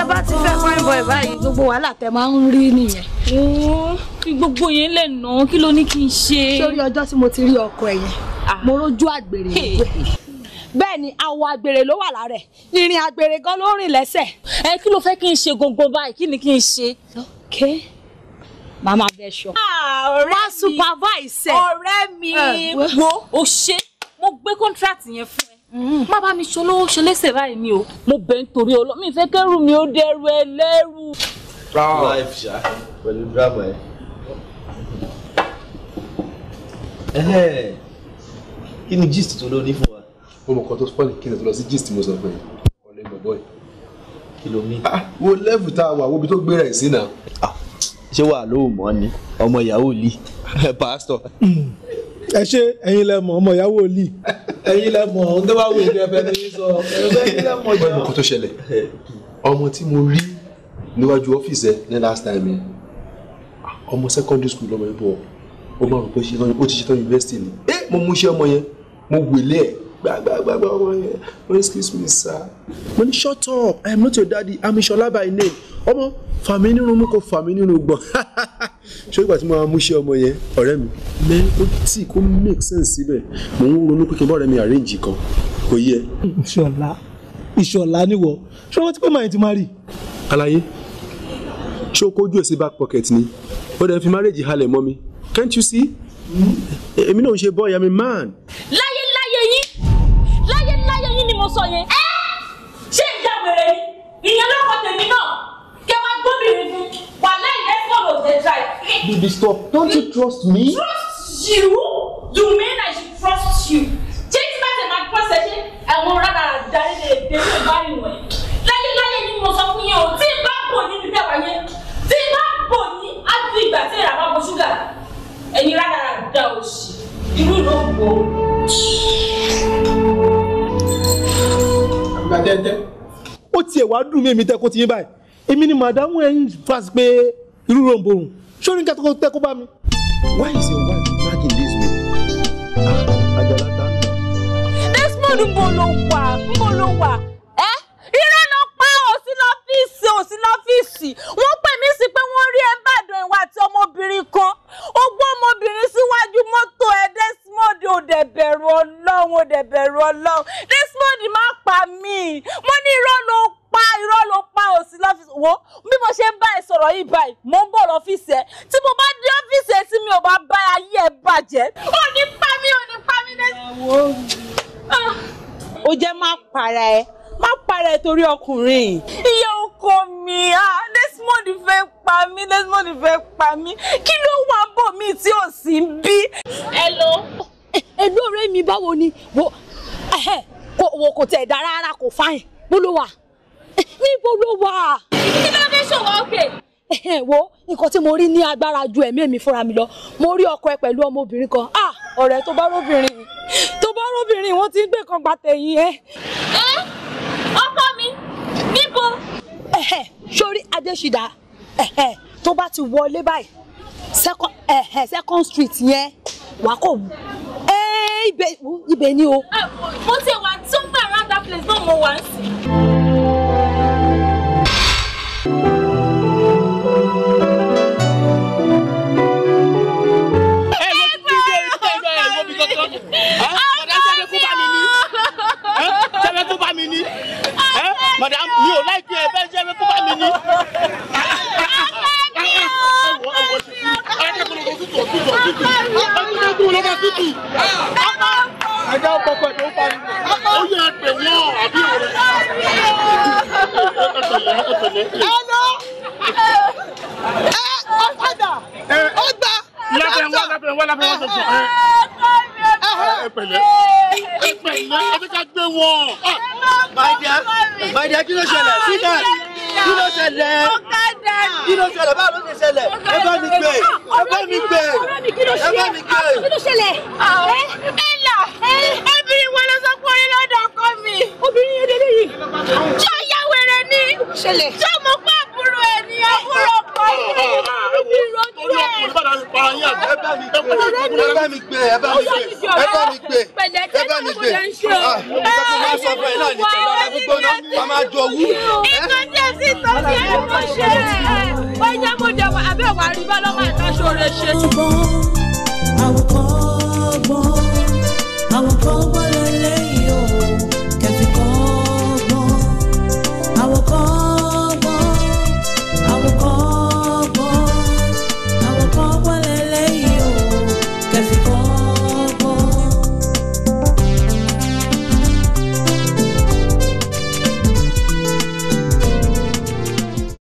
tẹ bá ti fẹ́ fine boy báyìí gbogbo wàhálà tẹ máa ń rí nìyẹn. kí gbogbo yẹn lè nà kí ló ní kí n ṣe. sórí ọjọ́ tí mo ti rí ọkọ ẹ̀ yẹn ah. mo rójú àgbèrè ìwé bẹ́ẹ̀ ni awọ àgbèrè ló wà lára ẹ̀ ìrìn àgbèrè gan ló rìn lẹ́sẹ̀. ẹ kí ló fẹ́ kí n ṣe gbogbo báyìí kí ni kí n ṣe. okay màmá bẹ ṣọ. Ah, wá supervise ẹ̀. ọ̀rẹ́ mi eh, wo o mo gbé contract yẹn fún ẹ Mm. má bá mi ṣolówó ṣolẹ́sẹ̀ báyìí mi o mo bẹ̀ ń torí ọlọ́ mi fẹ́ kẹ́rù mi ó dẹrù ẹ lẹ́rù. life ṣá drama ẹ̀. kí ni gist tó ló ní fún wa. mo mọ̀ kan tó spoil kí ni tó lọ sí gist mo sọ pé ọ̀lẹ́ mọ̀ bọ́ọ̀ kí ló mí. Ah, wo lẹ́fù tá a wà wo ibi tó gbéra ẹ̀ sí náà. Ah, ṣé wàá ló mọ̀ ni ọmọ ìyàwó lì pásítọ̀. ẹ ṣe ẹ̀yin lẹ mọ̀ ọmọ ìyàwó lì. ẹ̀yin lẹ mọ̀ ohun tó bá wù ní ẹ̀bẹ̀ ní sọ ẹ̀yin lẹ mọ̀ jẹ. ọmọ kan tó ṣẹlẹ̀ ọmọ tí mo rí níwájú ọ́fíìsì ẹ ní last time yẹn ọmọ secondary school lọmọ ẹbọ ó máa rò pé ó ti ṣetán university ni ẹ mo mú iṣẹ́ ọmọ yẹn mo wèlé ẹ gbàgbàgbàgbà ọmọ yẹn oh excuse me sir. mo ní shut up i am not your daddy i'm by name ọmọ fàmí nínú mú kó fàmí nínú gbọ̀n. ṣé ìgbà tí mo máa mú iṣẹ́ ọmọ yẹn ọ̀rẹ́ mi mẹ ó tì kó make sense síbẹ̀ mò ń ronú pé kí n bá ọ̀rẹ́ mi arrange kan kò yẹ. ìṣọ̀lá ìṣọ̀lá níwọ̀ ṣé wọ́n ti pé màá yẹn ti máa rí. àlàyé ṣé o kójú ẹ̀ sí back pocket ni ó dẹ̀ fi marriage halẹ̀ mọ́ mi can't you see èmi náà ń ṣe boy I'm a man. láyé láyé yín láyé láyé yín ni mo sọ yẹn. ṣé ìjà wèrè ni ìyẹn ló kọ tèmi náà. be disturbed. Don't you trust me? Trust you? You mean I should trust you? Change my in my procession eh? I we'll rather die than a day of buying one. Láyé láyé ni mo sọ fún yín o, tí bá bò ní bíbẹ̀ wáyé, tí bá bò ní á ju ìgbà tí ìràbá bo ṣúgà. Ẹ̀yin rárá da òṣì, not ìlú ògbó. Àgbà tẹ́tẹ́. Ó tiẹ̀ wá dùn mí èmi tẹ́ kó ti yín báyìí. Èmi ni màdámù ẹ̀yìn fásitì pé irú ròǹbòrùn sórí nǹkan tó tẹ́ bá mi. why is your wife nagging this way? Ah, àjàlá ta ń lọ. desmond ń bọ̀ ló wà ń bọ̀ ló wà ẹ́ irọ́ ló pa ò sí lọ́fíìsì ò sí lọ́fíìsì wọ́n pè mí sí pé wọ́n rí ẹ bàdàn ìwà àti ọmọbìnrin kan ó gbọ́ ọmọbìnrin síwájú mọ́tò ẹ desmond ò dẹ̀ bẹ̀rù ọlọ́run ò dẹ̀ bẹ̀rù ọlọ́run desmond má pa mí sọ̀rọ̀ yìí báyìí mò ń bọ̀ lọ́fíìsì ẹ̀ tí mo bá dé ọ́fíìsì ẹ̀ tí mi ò bá bá ayé ẹ̀ bàjẹ́. ò ní pa mí ní pa mí lẹ́sìn. Ah. ó má para ẹ má para ẹ torí ọkùnrin. iye ọkọ mi ah, Desmond fẹ́ pa mí Desmond fẹ́ pa mí kí ló wà bọ̀ mí tí ò sí bí. ẹ lọ. ẹ lóore mi báwo ni wo kò tẹ̀ dá rárá kò fáyìn bó ló wà níbo ló wà ẹ wo nǹkan tí mo rí ní agbára ju ẹ̀mí èmi fúnra mi lọ mo rí ọkọ ẹ pẹ̀lú ọmọbìnrin kan ah ọ̀rẹ́ tó bá róbìnrin tó bá róbìnrin wọ́n ti ń gbé kan gba tẹ̀yìn ẹ. ẹ ọkọ mi níbo. sórí adésídà tó bá ti wọlé báyìí second, second street yẹn wàá kò ibẹ̀ ibẹ̀ ni o. mo ti wà tó ń gbà that place náà mo wà ń lábẹ́ wọn ṣoṣo. ẹ pẹ̀lẹ́ ẹ pẹ̀lẹ́ ẹ ti ká gbé wọn. my dear my dear kí ló ṣẹlẹ̀ kí ló ṣẹlẹ̀ kí ló ṣẹlẹ̀ báwo ló ṣe ṣẹlẹ̀ ah, ẹ bá mi gbé ah, ẹ bá mi gbé ẹ bá mi gbé. ẹ bá mi gbé ẹ bá mi gbé ẹ bá mi gbé ẹ bá mi gbé ẹ bá mi gbé ẹ ah, bá sọ fún ẹ náà ní tẹ̀lé ọ̀rọ̀ gbígbóná a máa jọ wú. nǹkan tí èsì tó fi ẹ mọ ṣe ẹ ó yẹ mo dẹ wà abẹ́ wà rí bá lọ́mọ ìtaṣọ́ rẹ ṣe. ọgbọ́n àwòkọ́ ọgbọ́n.